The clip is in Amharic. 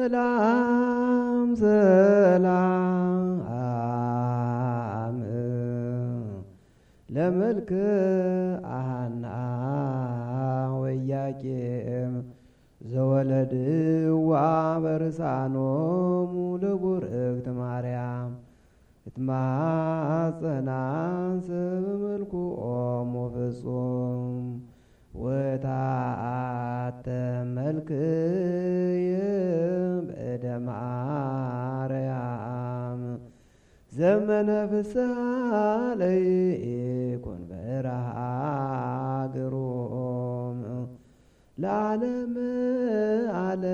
ሰላም ዘላም ለመልክ አሃና ወያቄም ዘወለድዋ በርሳኖሙ ለጉርእግት ማርያም እትማጸናን ኦሙ ፍጹም ወታአተ መልክ አርያም ዘመነ ፍስሐ ለይኩን በረሃ ግሩም ለዓለም አለ